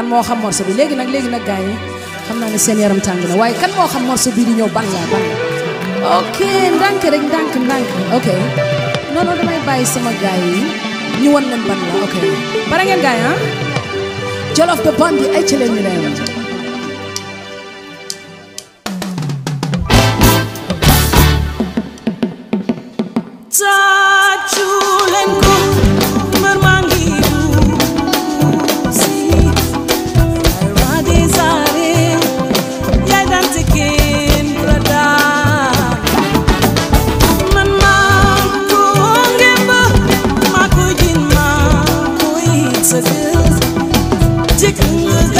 kan moo xam morceau bi léegi nag léegi nag gars xam naa ne seen yaram tàng na waaye kan moo xam morceau bii di ñëw ban la ban la ok ndànk rek ndànk ndànk ok non non damay bàyyi sama gars yi ñu wan leen ban la ok bara ngeen gars ah Jolof de Bandi ay ci leen ñu Yoksa kız